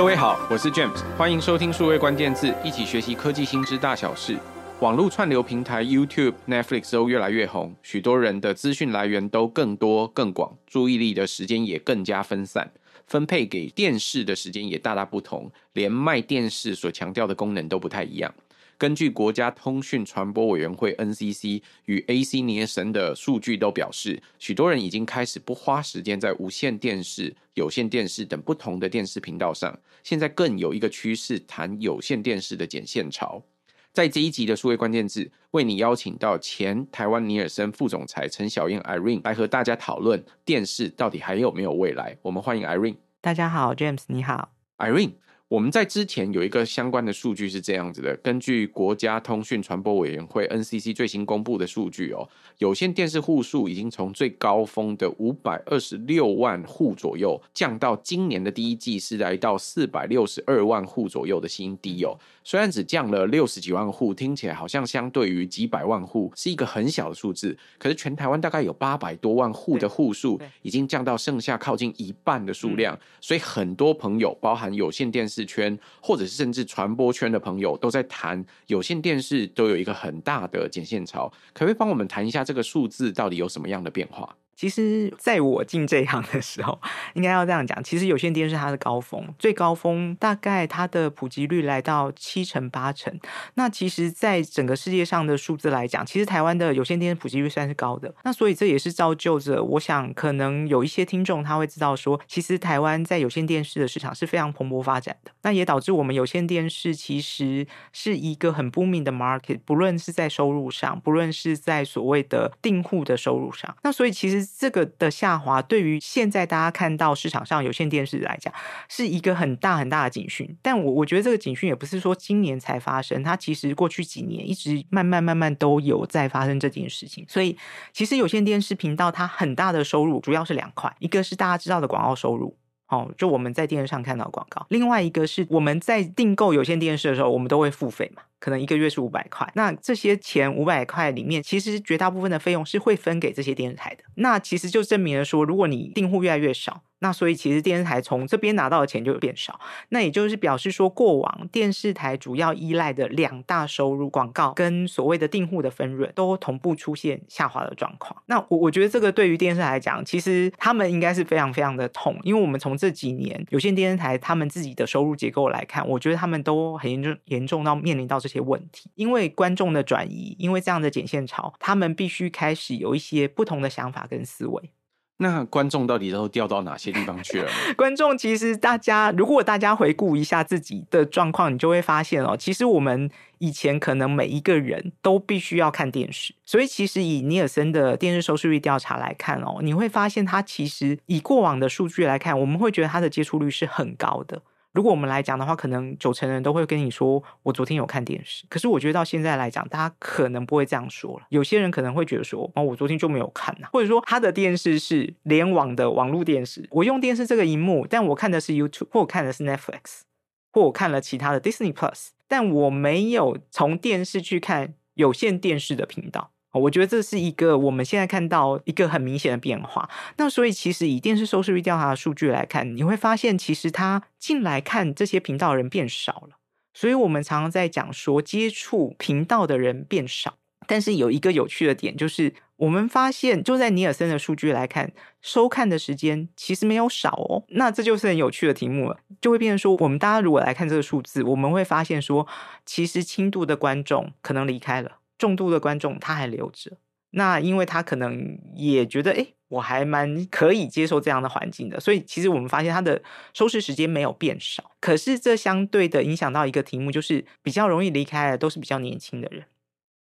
各位好，我是 James，歡迎收聽數位關鍵字，一起學習科技新知大小事。網絡串流平台 YouTube、Netflix 都越來越紅，許多人的資訊來源都更多、更廣，注意力的時間也更加分散，分配給電視的時間也大大不同，連賣電視所強調的功能都不太一樣。根據國家通訊傳播委員會 NCC 與 AC 尼爾森的數據都表示，許多人已經開始不花時間在無線電視、有線電視等不同的電視頻道上。現在更有一個趨勢，談有線電視的剪線潮。在這一集的數位關鍵字，為你邀請到前台灣尼爾森副總裁陳筱雁 Irene 來和大家討論電視到底還有沒有未來。我們歡迎 Irene。大家好，James 你好，Irene。我們在之前有一個相關的數據是這樣子的，根據國家通訊傳播委員會 NCC 最新公布的數據哦，有線電視戶數已經從最高峰的五百二十六萬戶左右，降到今年的第一季是來到四百六十二萬戶左右的新低哦。雖然只降了六十幾萬戶，聽起來好像相對於幾百萬戶是一個很小的數字，可是全台灣大概有八百多萬戶的戶數已經降到剩下靠近一半的數量，所以很多朋友包含有線電視。圈，或者是甚至傳播圈的朋友都在談有線電視，都有一個很大的剪線潮。可不可以幫我們談一下這個數字到底有什麼樣的變化？其實，在我進這一行的時候，應該要這樣講。其實有線電視它的高峰，最高峰大概它的普及率來到七成八成。那其實，在整個世界上的數字來講，其實台灣的有線電視普及率算是高的。那所以這也是造就着，我想可能有一些聽眾他會知道說，其實台灣在有線電視的市場是非常蓬勃發展的。那也導致我們有線電視其實是一個很 booming 的 market，不論是在收入上，不論是在所謂的訂戶的收入上。那所以其實。這個的下滑，對於現在大家看到市場上有線電視來講，是一個很大很大的警訊。但我我覺得這個警訊也不是說今年才發生，它其實過去幾年一直慢慢慢慢都有在發生這件事情。所以，其實有線電視頻道它很大的收入，主要是兩塊，一個是大家知道的廣告收入。哦，就我們在電視上看到廣告。另外一個是我們在訂購有線電視的時候，我們都會付費嘛，可能一個月是五百塊。那這些錢五百塊裡面，其實絕大部分的費用是會分給這些電視台的。那其實就證明了說，如果你訂戶越來越少。那所以，其實電視台從這邊拿到的錢就有變少。那也就是表示說，過往電視台主要依賴的兩大收入——廣告跟所謂的訂戶的分潤，都同步出現下滑的狀況。那我我覺得這個對於電視台來講，其實他們應該是非常非常的痛，因為我們從這幾年有線電視台他們自己的收入結構來看，我覺得他們都很嚴重，嚴重到面臨到這些問題。因為觀眾的轉移，因為這樣的剪線潮，他們必須開始有一些不同的想法跟思維。那觀眾到底都掉到哪些地方去了？ 觀眾其實，大家如果大家回顧一下自己的狀況，你就會發現哦，其實我們以前可能每一個人都必須要看電視，所以其實以尼爾森的電視收視率調查來看哦，你會發現他其實以過往的數據來看，我們會覺得他的接觸率是很高的。如果我們來講的話，可能九成人都會跟你說，我昨天有看電視。可是我覺得到現在來講，大家可能不會這樣說了。有些人可能會覺得說，哦，我昨天就沒有看啊，或者說他的電視是聯網的網絡電視，我用電視這個螢幕，但我看的是 YouTube，或我看的是 Netflix，或我看了其他的 Disney Plus，但我沒有從電視去看有線電視的頻道。我覺得這是一個我們現在看到一個很明顯的變化。那所以其實以電視收視率調查的數據來看，你會發現其實它進來看這些頻道的人變少了。所以我們常常在講說接觸頻道的人變少，但是有一個有趣的點就是，我們發現就在尼爾森的數據來看，收看的時間其實沒有少哦。那這就是很有趣的題目了，就會變成說我們大家如果來看這個數字，我們會發現說其實輕度的觀眾可能離開了。重度的觀眾他還留着，那因為他可能也覺得，哎，我還蠻可以接受這樣的環境的，所以其實我們發現他的收視時間沒有變少，可是這相對的影響到一個題目，就是比較容易離開的都是比較年輕的人，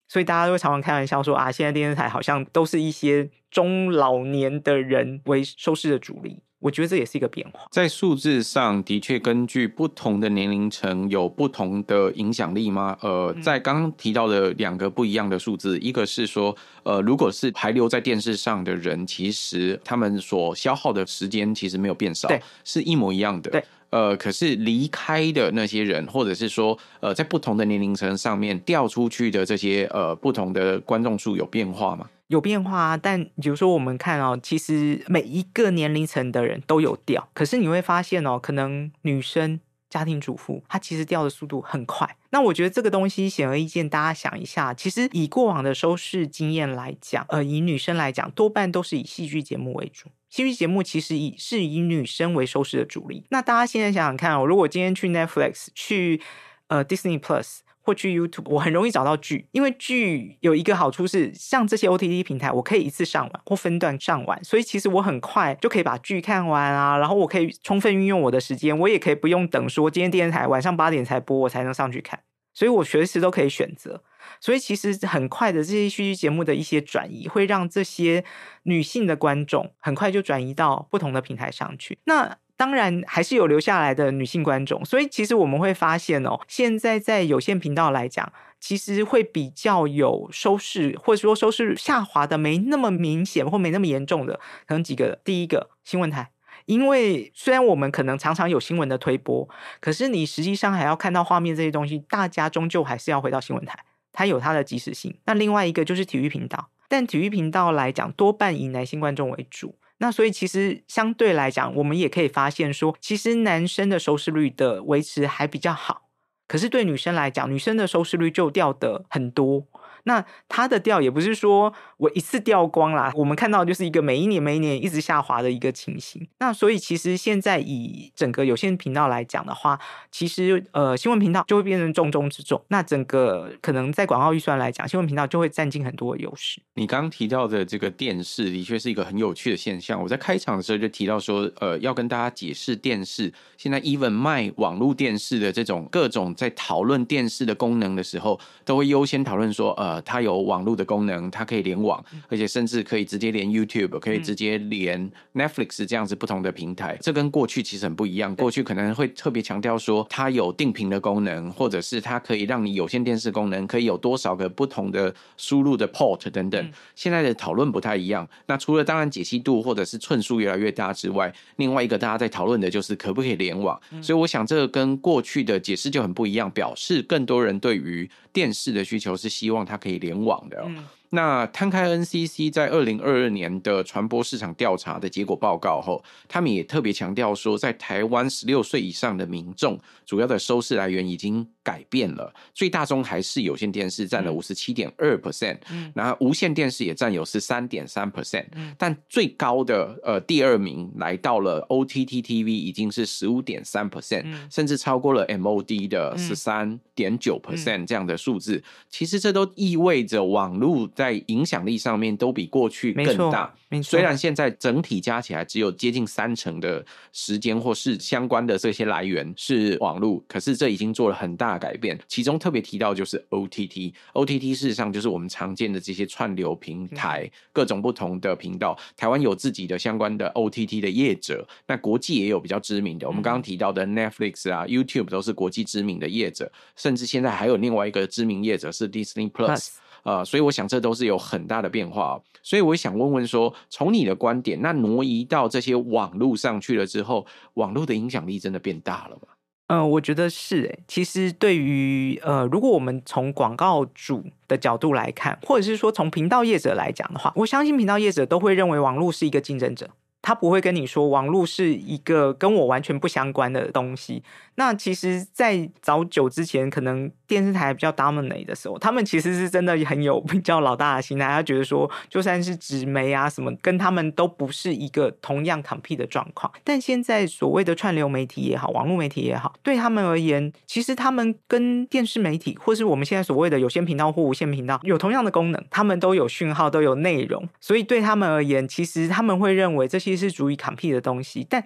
所以大家都會常常開玩笑說啊，現在電視台好像都是一些中老年的人為收視的主力。我覺得這也是一個變化，在數字上的確根據不同的年齡層有不同的影響力嗎？呃，在剛剛提到的兩個不一樣的數字，一個是說，呃，如果是還留在電視上的人，其實他們所消耗的時間其實沒有變少，是一模一樣的。對呃，可是離開的那些人，或者是說，呃，在不同的年齡層上面掉出去的這些呃，不同的觀眾數有變化嗎？有變化啊，但比如說我們看哦，其實每一個年齡層的人都有掉，可是你會發現哦，可能女生、家庭主婦她其實掉的速度很快。那我覺得這個東西顯而易見，大家想一下，其實以過往的收視經驗來講，呃，以女生來講，多半都是以戲劇節目為主。戲劇節目其實以是以女生為收視的主力。那大家現在想想看哦，如果今天去 Netflix 去、去呃 Disney Plus 或去 YouTube，我很容易找到劇，因為劇有一個好處是，像這些 OTT 平台，我可以一次上完或分段上完，所以其實我很快就可以把劇看完啊。然後我可以充分運用我的時間，我也可以不用等，說今天電視台晚上八點才播，我才能上去看。所以我隨時都可以選擇。所以其實很快的，這些戲劇節目的一些轉移，會讓這些女性的觀眾很快就轉移到不同的平台上去。那當然還是有留下來的女性觀眾，所以其實我們會發現哦，現在在有線頻道來講，其實會比較有收視，或者說收視下滑的沒那麼明顯，或沒那麼嚴重的，可能幾個。第一個新聞台，因為雖然我們可能常常有新聞的推播，可是你實際上還要看到畫面這些東西，大家終究還是要回到新聞台。它有它的即時性，那另外一個就是體育頻道，但體育頻道來講，多半以男性觀眾為主，那所以其實相對來講，我們也可以發現說，其實男生的收視率的維持還比較好，可是對女生來講，女生的收視率就掉得很多。那它的掉也不是說我一次掉光了，我們看到就是一個每一年每一年一直下滑的一個情形。那所以其實現在以整個有線頻道來講的話，其實呃新聞頻道就會變成重中之重。那整個可能在廣告預算來講，新聞頻道就會占盡很多的優勢。你剛剛提到的這個電視的確是一個很有趣的現象。我在開場的時候就提到說，呃，要跟大家解釋電視現在 even 賣網絡電視的這種各種在討論電視的功能的時候，都會優先討論說呃。呃，它有網路的功能，它可以連網，而且甚至可以直接連 YouTube，可以直接連 Netflix 這樣子不同的平台。嗯、這跟過去其實很不一樣。過去可能會特別強調說它有定頻的功能，或者是它可以讓你有線電視功能可以有多少個不同的輸入的 Port 等等。嗯、現在的討論不太一樣。那除了當然解析度或者是寸數越來越大之外，另外一個大家在討論的就是可不可以連網。嗯、所以我想這個跟過去的解釋就很不一樣，表示更多人對於電視的需求是希望它。可以聯網的哦。嗯。那攤開 NCC 在二零二二年的傳播市場調查的結果報告後，他們也特別強調說，在台灣十六歲以上的民眾主要的收視來源已經改變了，最大宗還是有線電視佔了五十七點二 percent，嗯，然後無線電視也佔有十三點三 percent，嗯，但最高的呃第二名來到了 OTT TV，已經是十五點三 percent，甚至超過了 MOD 的十三點九 percent 這樣的數字，其實這都意味着網路在在影響力上面都比過去更大。雖然現在整體加起來只有接近三成的時間，或是相關的這些來源是網路，可是這已經做了很大的改變。其中特別提到就是 OTT，OTT 事實上就是我們常見的這些串流平台，各種不同的頻道。台灣有自己的相關的 OTT 的業者，那國際也有比較知名的。我們剛剛提到的 Netflix 啊、YouTube 都是國際知名的業者，甚至現在還有另外一個知名業者是 Disney Plus。啊、呃，所以我想這都是有很大的變化。所以我想問問說，從你的觀點，那挪移到這些網絡上去了之後，網絡的影響力真的變大了嗎？嗯、呃，我覺得是、欸。誒，其實對於呃，如果我們從廣告主的角度來看，或者是說從頻道業者來講的話，我相信頻道業者都會認為網絡是一個競爭者。他不會跟你說，網絡是一個跟我完全不相關的東西。那其實，在早久之前，可能電視台比較 dominant 的時候，他們其實是真的很有比較老大的心態，他覺得說，就算是紙媒啊什麼，跟他們都不是一個同樣 compete 的狀況。但現在所謂的串流媒體也好，網絡媒體也好，對他們而言，其實他們跟電視媒體，或是我們現在所謂的有線頻道或無線頻道，有同樣的功能，他們都有訊號，都有內容，所以對他們而言，其實他們會認為這些。是足以扛屁的東西，但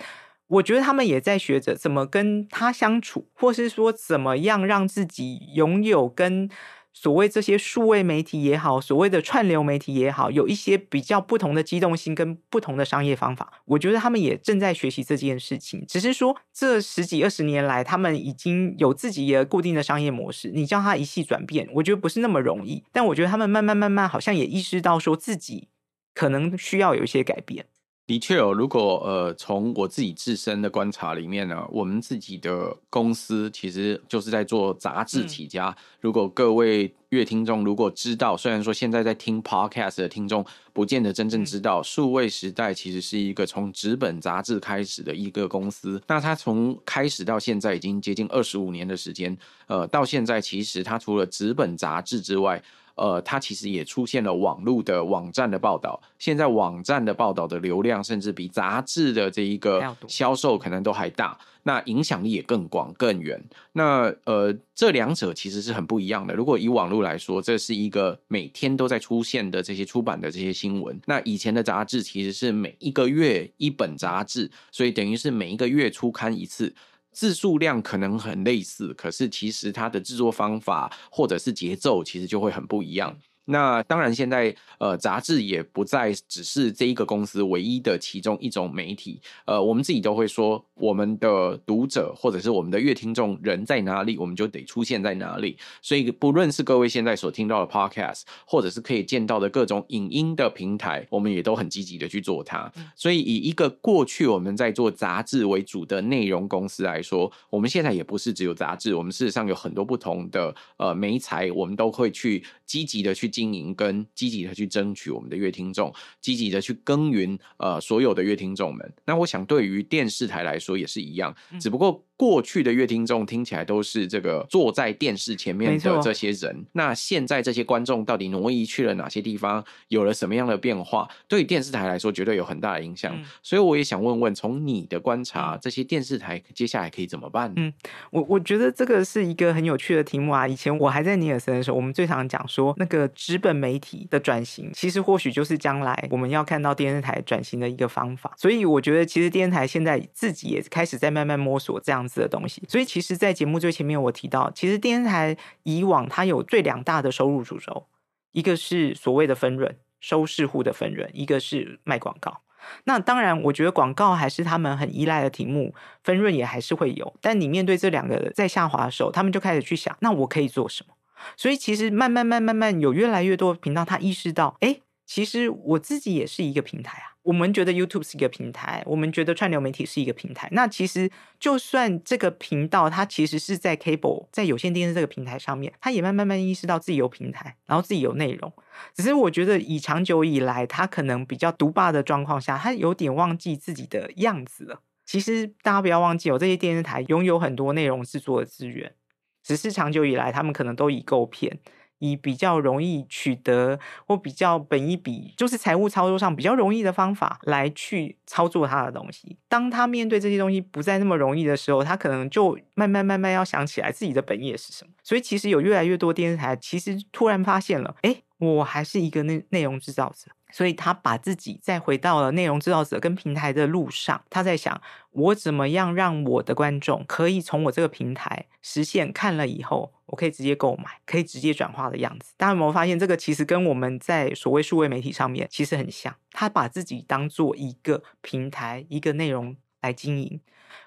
我覺得他們也在學着怎麼跟他相處，或是說怎麼樣讓自己擁有跟所謂這些數位媒體也好，所謂的串流媒體也好，有一些比較不同的機動性跟不同的商業方法。我覺得他們也正在學習這件事情，只是說這十幾二十年來，他們已經有自己的固定的商業模式，你叫他一夕轉變，我覺得不是那麼容易。但我覺得他們慢慢慢慢，好像也意識到說自己可能需要有一些改變。的確哦，如果呃，從我自己自身的觀察裡面呢、啊，我們自己的公司其實就是在做雜誌起家、嗯。如果各位樂聽眾如果知道，雖然說現在在聽 Podcast 的聽眾不見得真正知道，嗯、數位時代其實是一個從紙本雜誌開始的一個公司。那它從開始到現在已經接近二十五年的時間，呃，到現在其實它除了紙本雜誌之外，呃，它其實也出現了網絡的網站的報道，現在網站的報道的流量甚至比雜誌的這一個銷售可能都還大，那影響力也更廣更遠。那呃，這兩者其實是很不一樣的。如果以網絡來說，這是一個每天都在出現的這些出版的這些新聞，那以前的雜誌其實是每一個月一本雜誌，所以等於是每一個月出刊一次。字數量可能很類似，可是其實它的製作方法或者是節奏其實就會很不一樣。那當然，現在，呃，雜誌也不再只是這一個公司唯一的其中一種媒體。呃，我們自己都會說。我們的讀者或者是我們的閱聽眾人在哪裡，我們就得出現在哪裡。所以，不論是各位現在所聽到的 Podcast，或者是可以見到的各種影音的平台，我們也都很積極的去做它。所以，以一個過去我們在做雜誌為主的內容公司來說，我們現在也不是只有雜誌，我們事實上有很多不同的呃媒材，我們都會去積極的去經營，跟積極的去爭取我們的閱聽眾，積極的去耕耘呃所有的閱聽眾們。那我想，對於電視台來說，說也是一樣，嗯、只不過，過去的閱聽眾聽起來都是這個坐在電視前面的這些人。那現在這些觀眾到底挪移去了哪些地方？有了什麼樣的變化？對電視台來說，絕對有很大的影響。嗯、所以我也想問問，從你的觀察、嗯，這些電視台接下來可以怎麼辦？嗯，我我覺得這個是一個很有趣的題目啊。以前我還在尼爾森的時候，我們最常講說，那個紙本媒體的轉型，其實或許就是將來我們要看到電視台轉型的一個方法。所以我覺得，其實電視台現在自己也開始在慢慢摸索這樣的。子的東西，所以其實，在節目最前面我提到，其實電視台以往它有最兩大的收入主軸，一個是所謂的分潤，收視戶的分潤，一個是賣廣告。那當然，我覺得廣告還是他們很依賴的題目，分潤也還是會有。但你面對這兩個在下滑的時候，他們就開始去想，那我可以做什麼？所以其實慢慢、慢、慢慢有越來越多頻道，他意識到，哎、欸，其實我自己也是一個平台啊。我們覺得 YouTube 是一個平台，我們覺得串流媒體是一個平台。那其實就算這個頻道，它其實是在 Cable，在有線電視這個平台上面，它也慢慢慢意識到自己有平台，然後自己有內容。只是我覺得以長久以來，它可能比較獨霸的狀況下，它有點忘記自己的樣子了。其實大家不要忘記、哦，我這些電視台擁有很多內容製作的資源，只是長久以來，他們可能都已購片。以比較容易取得，或比較本益比，就是財務操作上比較容易的方法來去操作他的東西。當他面對這些東西不再那麼容易的時候，他可能就慢慢慢慢要想起來自己的本業是什麼。所以其實有越來越多電視台，其實突然發現了，哎、欸，我還是一個內內容製造者。所以他把自己再回到了內容制造者跟平台的路上，他在想，我怎麼樣讓我的觀眾可以從我這個平台實現看了以後，我可以直接購買，可以直接轉化的樣子。大家有沒有發現？這個其實跟我們在所謂數位媒體上面其實很像，他把自己當做一個平台、一個內容來經營。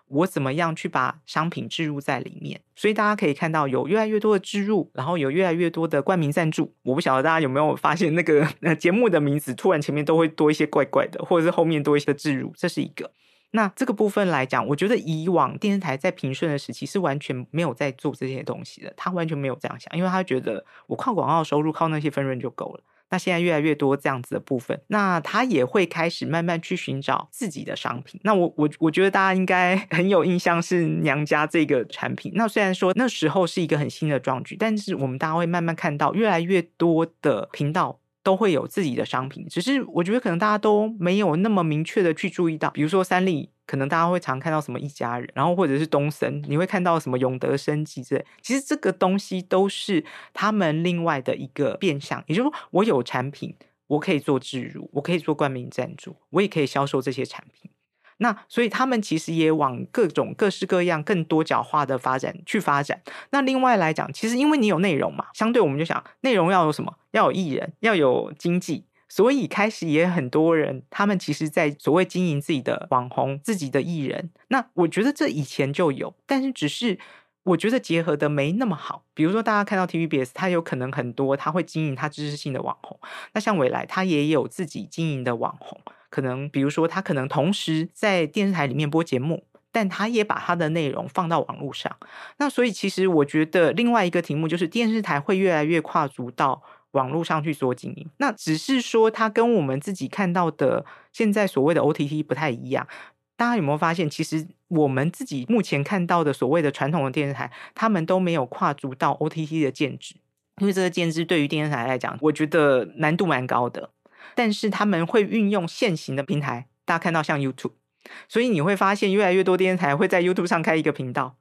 我怎麼樣去把商品置入在裡面？所以大家可以看到，有越來越多的置入，然後有越來越多的冠名贊助。我不曉得大家有沒有發現、那個，那個呃節目的名字突然前面都會多一些怪怪的，或者是後面多一些的置入，這是一個。那這個部分來講，我覺得以往電視台在平順的時期是完全沒有在做這些東西的，他完全沒有這樣想，因為他覺得我靠廣告的收入，靠那些分潤就夠了。那現在越來越多這樣子的部分，那他也會開始慢慢去尋找自己的商品。那我我我覺得大家應該很有印象是娘家這個產品。那雖然說那時候是一個很新的壯舉，但是我們大家會慢慢看到越來越多的頻道都會有自己的商品。只是我覺得可能大家都沒有那麼明確的去注意到，比如說三立。可能大家會常看到什麼一家人，然後或者是東森，你會看到什麼永德生技之類。其實這個東西都是他們另外的一個變相，也就是說，我有產品，我可以做置入，我可以做冠名贊助，我也可以銷售這些產品。那所以他們其實也往各種各式各樣、更多角化的發展去發展。那另外來講，其實因為你有內容嘛，相對我們就想內容要有什麼？要有藝人，要有經紀。所以開始也很多人，他們其實，在所謂經營自己的網紅、自己的藝人。那我覺得這以前就有，但是只是我覺得結合的沒那麼好。比如說，大家看到 TVBS，他有可能很多，他會經營他知識性的網紅。那像未來，他也有自己經營的網紅。可能比如說，他可能同時在電視台裡面播節目，但他也把他的內容放到網絡上。那所以，其實我覺得另外一個題目就是電視台會越來越跨足到。網絡上去做經營，那只是說它跟我們自己看到的現在所謂的 OTT 不太一樣。大家有沒有發現，其實我們自己目前看到的所謂的傳統的電視台，他們都沒有跨足到 OTT 的建制，因為這個建制對於電視台來講，我覺得難度蠻高的。但是他們會運用現行的平台，大家看到像 YouTube，所以你會發現越來越多電視台會在 YouTube 上開一個頻道。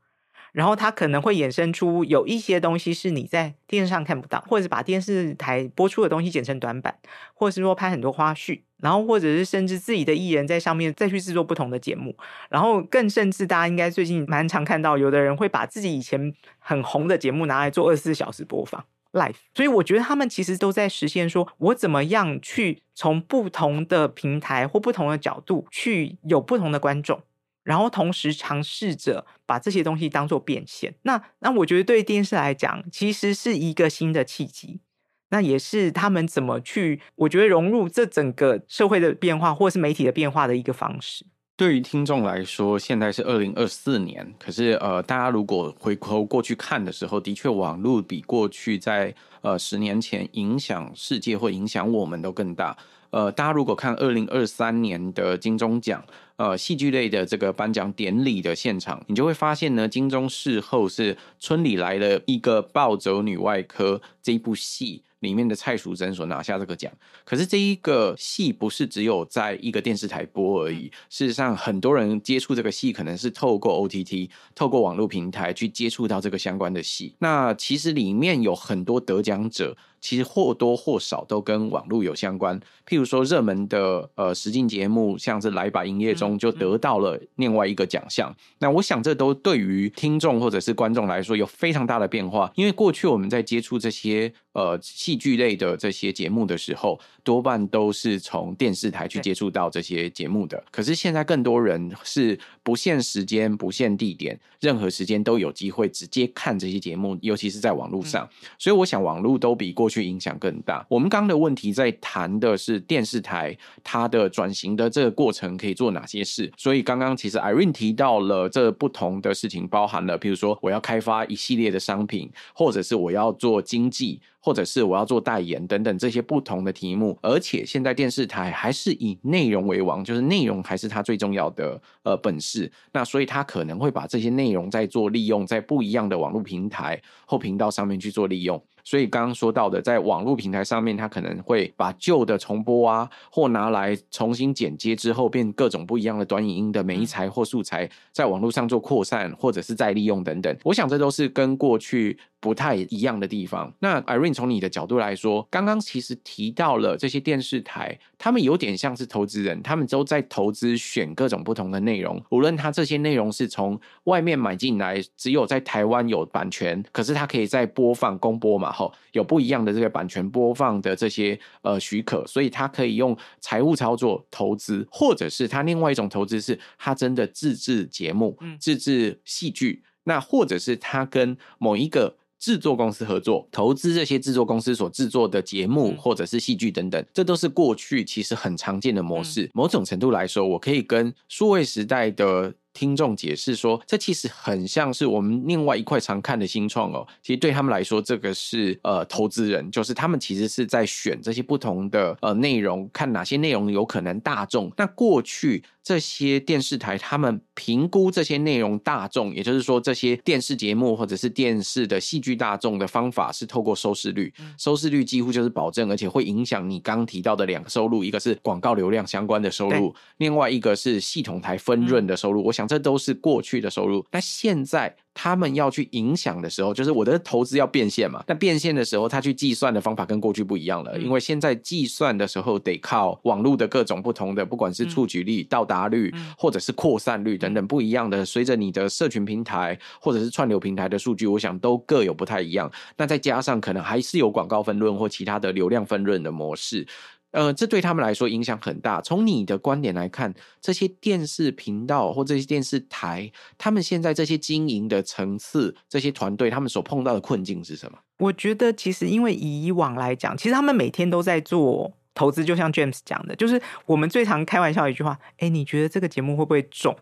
然後它可能會衍生出有一些東西是你在電視上看不到，或者是把電視台播出的東西剪成短版，或者是說拍很多花絮，然後或者是甚至自己的藝人在上面再去製作不同的節目，然後更甚至大家應該最近蠻常看到，有的人會把自己以前很紅的節目拿來做二十四小時播放 live，所以我覺得他們其實都在實現說我怎麼樣去從不同的平台或不同的角度去有不同的觀眾。然後同時嘗試着把這些東西當做變現，那那我覺得對電視來講，其實是一個新的契機，那也是他們怎麼去我覺得融入這整個社會的變化或是媒體的變化的一個方式。對於聽眾來說，現在是二零二四年，可是呃，大家如果回頭過去看的時候，的確網絡比過去在呃十年前影響世界或影響我們都更大。呃，大家如果看二零二三年的金鐘獎。呃，戲劇類的這個頒獎典禮的現場，你就會發現呢，金鐘視後是村裡來了一個暴走女外科這一部戲裡面的蔡淑臻所拿下這個獎。可是這一個戲不是只有在一個電視台播而已，事實上很多人接觸這個戲，可能是透過 OTT、透過網絡平台去接觸到這個相關的戲。那其實裡面有很多得獎者。其實或多或少都跟網絡有相關，譬如說熱門的呃實境節目，像是《來吧營業中》就得到了另外一個獎項，嗯嗯。那我想這都對於聽眾或者是觀眾來說有非常大的變化，因為過去我們在接觸這些呃戲劇類的這些節目的時候，多半都是從電視台去接觸到這些節目的。可是現在更多人是不限時間、不限地點，任何時間都有機會直接看這些節目，尤其是在網絡上，嗯。所以我想網絡都比過。去影響更大。我們剛剛的問題在談的是電視台它的轉型的這個過程可以做哪些事。所以剛剛其實 Irene 提到了這不同的事情，包含了比如說我要開發一系列的商品，或者是我要做經濟，或者是我要做代言等等這些不同的題目。而且現在電視台還是以內容為王，就是內容還是它最重要的呃本事。那所以它可能會把這些內容再做利用，在不一樣的網絡平台或頻道上面去做利用。所以剛剛說到的，在網絡平台上面，它可能會把舊的重播啊，或拿來重新剪接之後，變各種不一樣的短影音的媒材或素材，在網絡上做擴散，或者是再利用等等。我想這都是跟過去。不太一樣的地方。那 Irene 從你的角度來說，剛剛其實提到了這些電視台，他們有點像是投資人，他們都在投資選各種不同的內容。無論他這些內容是從外面買進來，只有在台灣有版權，可是他可以在播放公播嘛？吼，有不一樣的這個版權播放的這些呃許可，所以他可以用財務操作投資，或者是他另外一種投資是他真的自制節目、嗯、自制戲劇，那或者是他跟某一個。製作公司合作投資這些製作公司所製作的節目或者是戲劇等等，這都是過去其實很常見的模式。某種程度來說，我可以跟數位時代的聽眾解釋說，這其實很像是我們另外一塊常看的新創哦、喔。其實對他們來說，這個是呃投資人，就是他們其實是在選這些不同的呃內容，看哪些內容有可能大眾。那過去。這些電視台他們評估這些內容大眾，也就是說這些電視節目或者是電視的戲劇大眾的方法是透過收視率，收視率幾乎就是保證，而且會影響你剛提到的兩個收入，一個是廣告流量相關的收入，另外一個是系統台分潤的收入。我想這都是過去的收入，那現在。他們要去影響的時候，就是我的投資要變現嘛。那變現的時候，他去計算的方法跟過去不一樣了，因為現在計算的時候得靠網路的各種不同的，不管是觸及率、到達率，或者是擴散率等等不一樣的。隨着你的社群平台或者是串流平台的數據，我想都各有不太一樣。那再加上可能還是有廣告分潤或其他的流量分潤的模式。呃，這對他們來說影響很大。從你的觀點來看，這些電視頻道或這些電視台，他們現在這些經營的層次、這些團隊，他們所碰到的困境是什麼？我覺得，其實因為以，以往來講，其實他們每天都在做。投資就像 James 講的，就是我們最常開玩笑一句話：“哎、欸，你覺得這個節目會不會中？”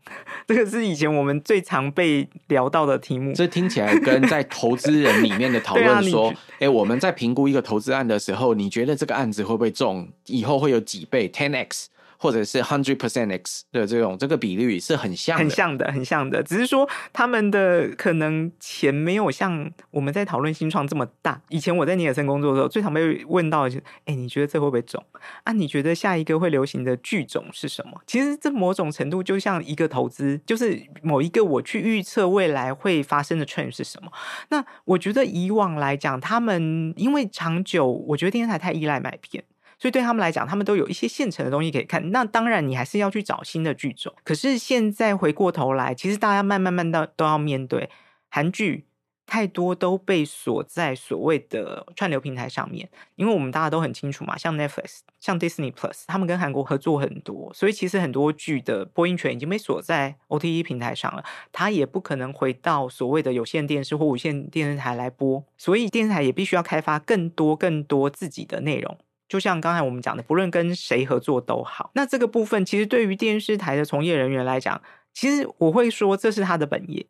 這個是以前我們最常被聊到的題目。這聽起來跟在投資人裡面的討論說：“哎、 啊欸，我們在評估一個投資案的時候，你覺得這個案子會不會中？以後會有幾倍 Ten X？” 或者是 hundred percent x 的這種這個比率是很像的，很像的，很像的，只是說他們的可能錢沒有像我們在討論新創這麼大。以前我在尼爾森工作的時候，最常被問到的就是：哎、欸，你覺得這會不會種？啊，你覺得下一個會流行的劇種是什麼？其實這某種程度就像一個投資，就是某一個我去預測未來會發生的 trend 是什麼。那我覺得以往來講，他們因為長久，我覺得電視台太依賴買片。所以對他們來講，他們都有一些現成的東西可以看。那當然，你還是要去找新的劇種。可是現在回過頭來，其實大家慢慢慢到都要面對，韓劇太多都被鎖在所謂的串流平台上面。因為我們大家都很清楚嘛，像 Netflix、像 Disney Plus，他們跟韓國合作很多，所以其實很多劇的播音權已經被鎖在 OTT 平台上了。他也不可能回到所謂的有線電視或無線電視台來播，所以電視台也必須要開發更多更多自己的內容。就像剛才我們講的，不論跟誰合作都好。那這個部分，其實對於電視台的從業人員來講，其實我會說這是他的本業，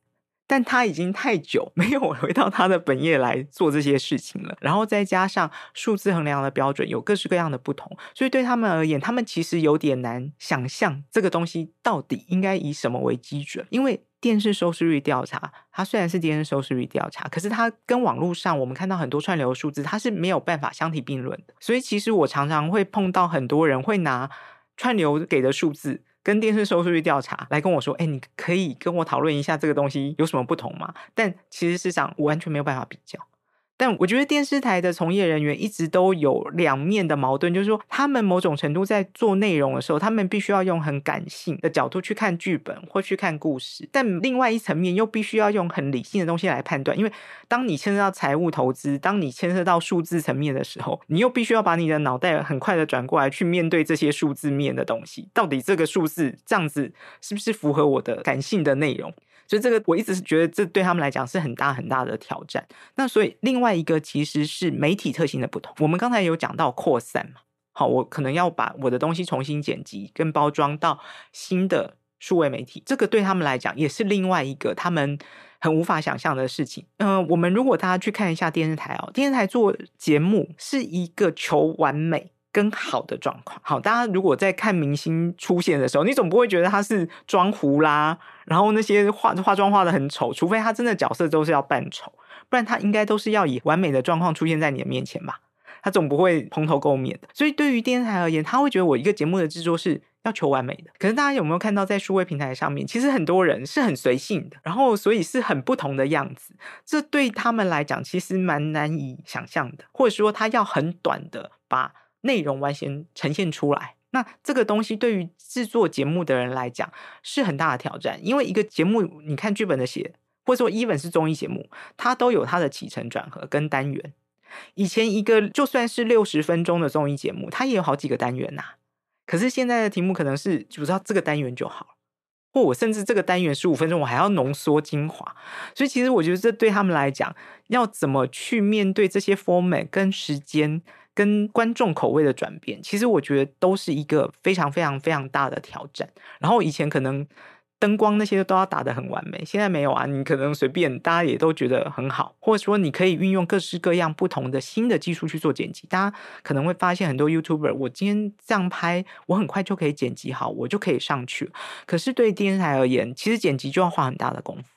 但他已經太久沒有回到他的本業來做這些事情了。然後再加上數字衡量的標準有各式各樣的不同，所以對他們而言，他們其實有點難想象這個東西到底應該以什麼為基準，因為，電視收視率調查，它雖然是電視收視率調查，可是它跟網絡上我們看到很多串流的數字，它是沒有辦法相提並論的。所以其實我常常會碰到很多人會拿串流給的數字跟電視收視率調查來跟我說：“哎，你可以跟我討論一下這個東西有什麼不同嗎？”但其實市場我完全沒有辦法比較。但我覺得電視台的從業人員一直都有兩面的矛盾，就是說，他們某種程度在做內容的時候，他們必須要用很感性的角度去看劇本或去看故事；但另外一層面又必須要用很理性的東西來判斷。因為當你牽涉到財務投資，當你牽涉到數字層面的時候，你又必須要把你的腦袋很快的轉過來去面對這些數字面的東西。到底這個數字這樣子是不是符合我的感性的內容？所以這個我一直是覺得，這對他們來講是很大很大的挑戰。那所以另外一個其實是媒體特性的不同。我們剛才有講到擴散嘛，好，我可能要把我的東西重新剪輯跟包裝到新的數位媒體，這個對他們來講也是另外一個他們很無法想象的事情。呃，我們如果大家去看一下電視台哦，電視台做節目是一個求完美、更好的狀況。好，大家如果在看明星出現的時候，你總不會覺得他是裝糊啦，然後那些化化妝化得很醜，除非他真的角色都是要扮醜，不然他應該都是要以完美的狀況出現在你的面前吧？他總不會蓬頭垢面的。所以對於電視台而言，他會覺得我一個節目的製作是要求完美的。可是大家有沒有看到，在數位平台上面，其實很多人是很隨性的，然後所以是很不同的樣子。這對他們來講，其實蠻難以想象的，或者說他要很短的把。內容完全呈現出來，那這個東西對於制作節目的人來講是很大的挑戰，因為一個節目，你看劇本的寫，或者說 even 是綜藝節目，它都有它的起承轉合跟單元。以前一個就算是六十分鐘的綜藝節目，它也有好幾個單元吶、啊。可是現在的題目可能是，我知道這個單元就好，或我甚至這個單元十五分鐘，我還要濃縮精華。所以其實我覺得這對他們來講，要怎麼去面對這些 format 跟時間。跟觀眾口味的轉變，其實我覺得都是一個非常非常非常大的挑戰。然後以前可能燈光那些都要打得很完美，現在沒有啊，你可能隨便，大家也都覺得很好。或者說你可以運用各式各樣不同的新的技術去做剪輯，大家可能會發現很多 YouTuber，我今天這樣拍，我很快就可以剪輯好，我就可以上去。可是對電視臺而言，其實剪輯就要花很大的功夫。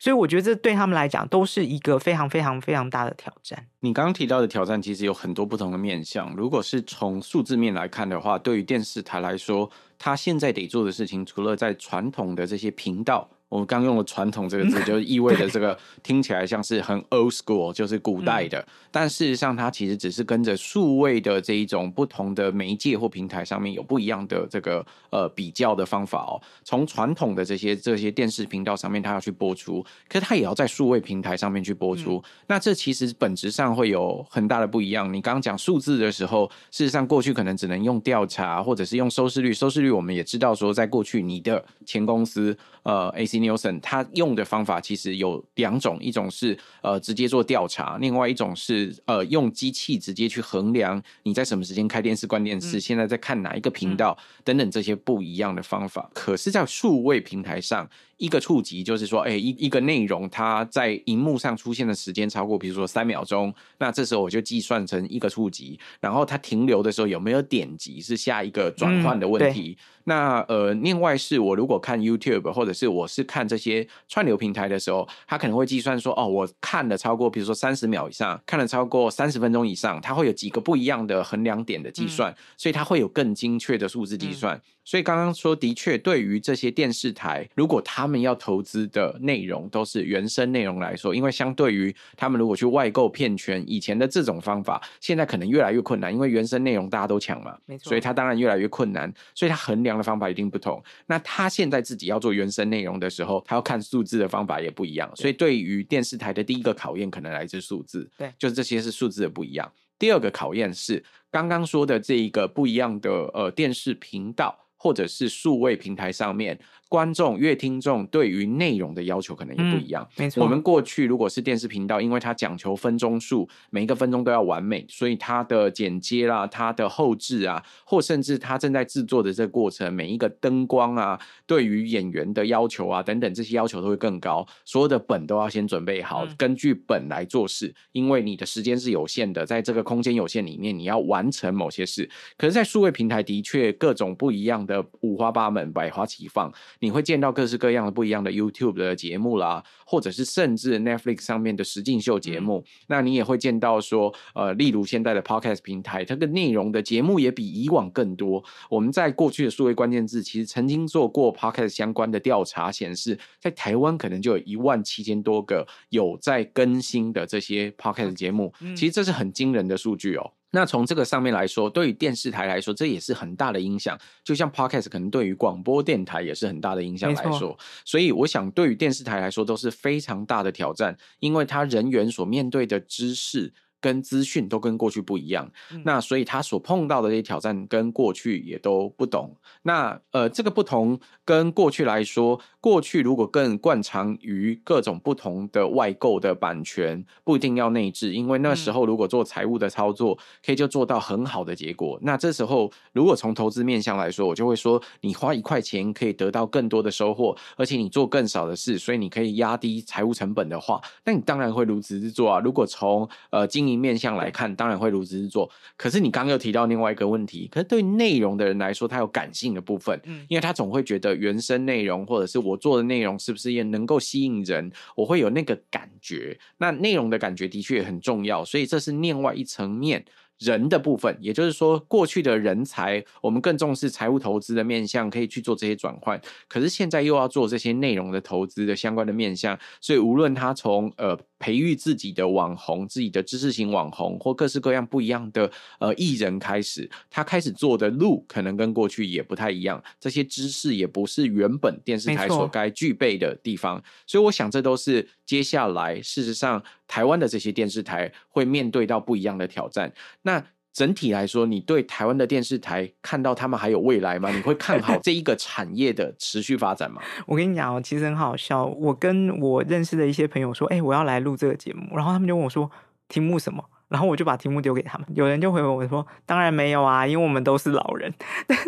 所以我覺得這對他們來講都是一個非常非常非常大的挑戰。你剛剛提到的挑戰，其實有很多不同的面向。如果是從數字面來看的話，對於電視台來說，他現在得做的事情，除了在傳統的這些頻道。我們剛用了“傳統”這個字，就意味着這個聽起來像是很 old school，嗯、就是古代的。但事實上，它其實只是跟着數位的這一種不同的媒介或平台上面有不一樣的這個呃比較的方法哦。從傳統的這些這些電視頻道上面，它要去播出，可是它也要在數位平台上面去播出。嗯、那這其實本質上會有很大的不一樣。你剛剛講數字的時候，事實上過去可能只能用調查，或者是用收視率。收視率我們也知道說，在過去你的前公司。呃，AC Nielsen 他用的方法其實有兩種，一種是呃直接做調查，另外一種是呃用機器直接去衡量你在什麼時間開電視、關電視、嗯，現在在看哪一個頻道、嗯、等等這些不一樣的方法。可是，在數位平台上，一個觸及就是說，哎、欸，一一個內容它在熒幕上出現的時間超過，比如說三秒鐘，那這時候我就計算成一個觸及。然後它停留的時候有沒有點擊，是下一個轉換的問題。嗯那呃，另外是我如果看 YouTube 或者是我是看這些串流平台的時候，它可能會計算說哦，我看了超過比如說三十秒以上，看了超過三十分鐘以上，它會有幾個不一樣的衡量點的計算，嗯，所以它會有更精確的數字計算。嗯嗯所以剛剛說的確，對於這些電視台，如果他們要投資的內容都是原生內容來說，因為相對於他們如果去外購片權以前的這種方法，現在可能越來越困難，因為原生內容大家都搶嘛，沒錯，所以他當然越來越困難，所以他衡量的方法一定不同。那他現在自己要做原生內容的時候，他要看數字的方法也不一樣。所以對於電視台的第一個考驗可能來自數字，對，就是這些是數字的不一樣。第二個考驗是剛剛說的這一個不一樣的呃電視頻道。或者是數位平台上面，觀眾、閱聽眾對於內容的要求可能也不一樣。嗯、沒錯，我們過去如果是電視頻道，因為它講求分鐘數，每一個分鐘都要完美，所以它的剪接啦、啊、它的後置啊，或甚至它正在制作的這個過程，每一個燈光啊、對於演員的要求啊等等，這些要求都會更高。所有的本都要先準備好，根據本來做事，因為你的時間是有限的，在這個空間有限裡面，你要完成某些事。可是，在數位平台的確各種不一樣。的五花八門、百花齊放，你會見到各式各樣的不一樣的 YouTube 的節目啦，或者是甚至 Netflix 上面的實境秀節目，嗯。那你也會見到說，呃，例如現在的 Podcast 平台，它的內容的節目也比以往更多。我們在過去的數位關鍵字其實曾經做過 Podcast 相關的調查顯示，在台灣可能就有一萬七千多個有在更新的這些 Podcast 節目，嗯，其實這是很驚人的數據哦、喔。那從這個上面來說，對於電視台來說，這也是很大的影響。就像 Podcast 可能對於廣播電台也是很大的影響來說，所以我想對於電視台來說都是非常大的挑戰，因為它人員所面對的知識跟資訊都跟過去不一樣，那所以他所碰到的這些挑戰跟過去也都不同。那呃，這個不同跟過去來說，過去如果更慣常於各種不同的外購的版權，不一定要內置，因為那時候如果做財務的操作，可以就做到很好的結果。嗯、那這時候如果從投資面向來說，我就會說，你花一塊錢可以得到更多的收穫，而且你做更少的事，所以你可以壓低財務成本的話，那你當然會如此去做啊。如果從呃經一面向來看，當然會如此做。可是你剛剛又提到另外一個問題。可是對內容的人來說，他有感性的部分，因為他總會覺得原生內容或者是我做的內容是不是也能夠吸引人，我會有那個感覺。那內容的感覺的確也很重要，所以這是另外一層面人的部分。也就是說，過去的人才，我們更重視財務投資的面向，可以去做這些轉換。可是現在又要做這些內容的投資的相關的面向，所以無論他從呃。培育自己的網紅，自己的知識型網紅，或各式各樣不一樣的呃藝人，開始他開始做的路，可能跟過去也不太一樣。這些知識也不是原本電視台所該具備的地方，所以我想這都是接下來事實上台灣的這些電視台會面對到不一樣的挑戰。那。整體來說，你對台灣的電視台看到他們還有未來嗎？你會看好這一個產業的持續發展嗎？ 我跟你講哦，其實很好笑，我跟我認識的一些朋友說，哎、欸，我要來錄這個節目，然後他們就問我說，題目什麼？然後我就把題目丟給他們，有人就回我我說：“當然沒有啊，因為我們都是老人。 ”但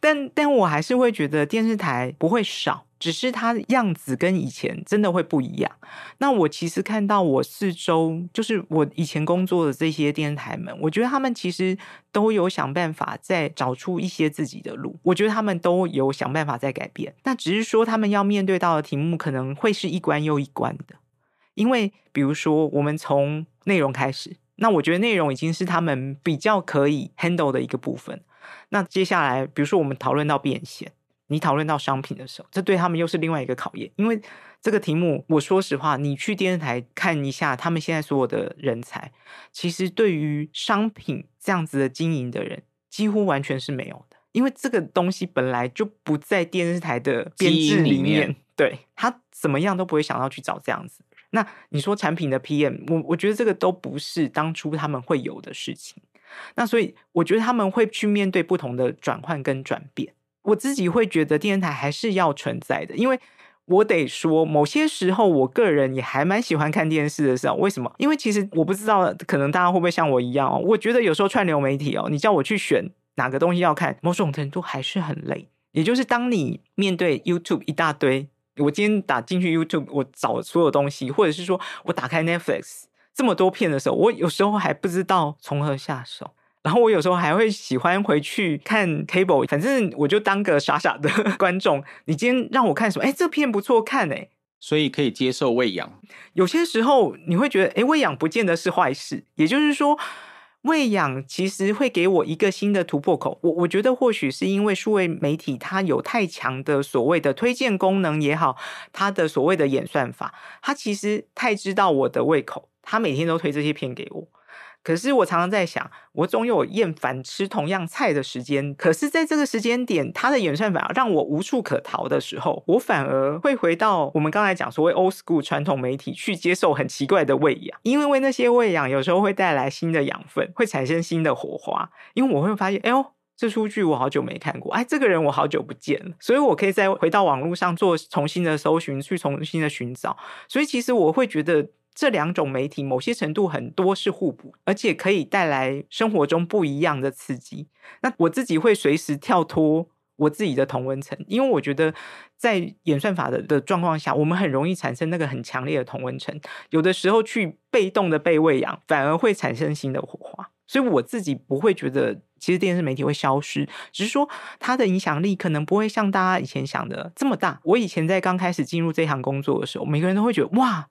但但我還是會覺得電視台不會少，只是它樣子跟以前真的會不一樣。那我其實看到我四周，就是我以前工作的這些電視台們，我覺得他們其實都有想辦法再找出一些自己的路。我覺得他們都有想辦法再改變，那只是說他們要面對到的題目可能會是一關又一關的，因為比如說我們從內容開始。那我覺得內容已經是他們比較可以 handle 的一個部分。那接下來，比如說我們討論到變現，你討論到商品的時候，這對他們又是另外一個考驗。因為這個題目，我說實話，你去電視台看一下，他們現在所有的人才，其實對於商品這樣子的經營的人，幾乎完全是沒有的。因為這個東西本來就不在電視台的編制裡面，裡面。對，他怎麼樣都不會想要去找這樣子。那你說產品的 PM，我我覺得這個都不是當初他們會有的事情。那所以我覺得他們會去面對不同的轉換跟轉變。我自己會覺得電視台還是要存在的，因為我得說，某些時候我個人也還蠻喜歡看電視的時候，為什麼？因為其實我不知道，可能大家會不會像我一樣哦？我覺得有時候串流媒體哦，你叫我去選哪個東西要看，某種程度還是很累。也就是當你面對 YouTube 一大堆。我今天打進去 YouTube，我找所有東西，或者是說我打開 Netflix 這麼多片的時候，我有時候還不知道從何下手。然後我有時候還會喜歡回去看 Cable，反正我就當個傻傻的觀眾。你今天讓我看什麼？哎，這片不錯看哎，所以可以接受餵養。有些時候你會覺得，哎，餵養不見得是壞事。也就是說。餵養其實會給我一個新的突破口。我我覺得或許是因為數位媒體它有太強的所謂的推薦功能也好，它的所謂的演算法，它其實太知道我的胃口，它每天都推這些片給我。可是我常常在想，我總有厭煩吃同樣菜的時間。可是，在這個時間點，他的演算法讓我無處可逃的時候，我反而會回到我們剛才講所謂 old school 傳統媒體去接受很奇怪的餵養，因為為那些餵養有時候會帶來新的養分，會產生新的火花。因為我會發現，哎呦，這出劇我好久沒看過，哎，這個人我好久不見了，所以我可以再回到網絡上做重新的搜尋，去重新的尋找。所以，其實我會覺得。這兩種媒體，某些程度很多是互補，而且可以帶來生活中不一樣的刺激。那我自己會隨時跳脫我自己的同溫層，因為我覺得在演算法的的狀況下，我們很容易產生那個很強烈的同溫層。有的時候去被動的被餵養，反而會產生新的火花。所以我自己不會覺得，其實電視媒體會消失，只是說它的影響力可能不會像大家以前想的這麼大。我以前在剛開始進入這一行工作的時候，每個人都會覺得哇。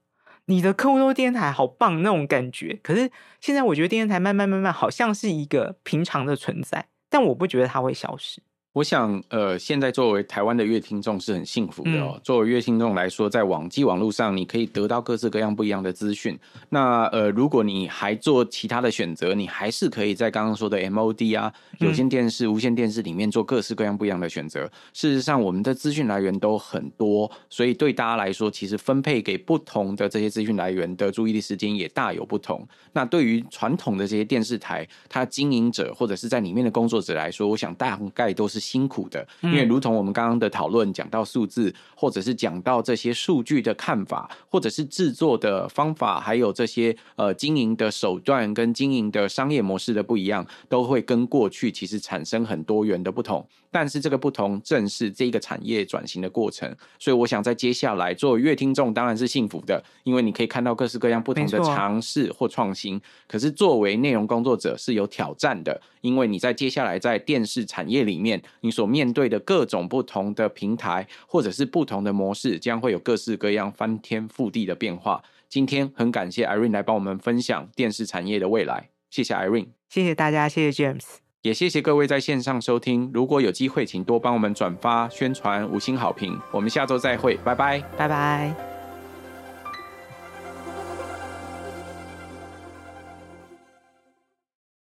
你的客戶都是電視台，好棒那種感覺，可是現在我覺得電視台慢慢慢慢好像是一個平常的存在，但我不覺得它會消失。我想，呃，現在作為台灣的閱聽眾是很幸福的哦。嗯、作為閱聽眾來說，在網際網路上，你可以得到各式各樣不一樣的資訊。那，呃，如果你還做其他的選擇，你還是可以在剛剛說的 MOD 啊、有線電視、無線電視裡面做各式各樣不一樣的選擇、嗯。事實上，我們的資訊來源都很多，所以對大家來說，其實分配給不同的這些資訊來源的注意力時間也大有不同。那對於傳統的這些電視台，它經營者或者是在裡面的工作者來說，我想大概都是，辛苦的，因為如同我們剛剛的討論，講到數字，或者是講到這些數據的看法，或者是製作的方法，還有這些呃經營的手段跟經營的商業模式的不一樣，都會跟過去其實產生很多元的不同。但是這個不同正是這個產業轉型的過程。所以我想在接下來作為閱聽眾當然是幸福的，因為你可以看到各式各樣不同的嘗試或創新。可是作為內容工作者是有挑戰的，因為你在接下來在電視產業裡面。你所面對的各種不同的平台，或者是不同的模式，將會有各式各樣翻天覆地的變化。今天很感謝 Irene 來幫我們分享電視產業的未來，謝謝 Irene，謝謝大家，謝謝 James，也謝謝各位在線上收聽。如果有機會，請多幫我們轉發宣傳，五星好評。我們下周再會，拜拜，拜拜。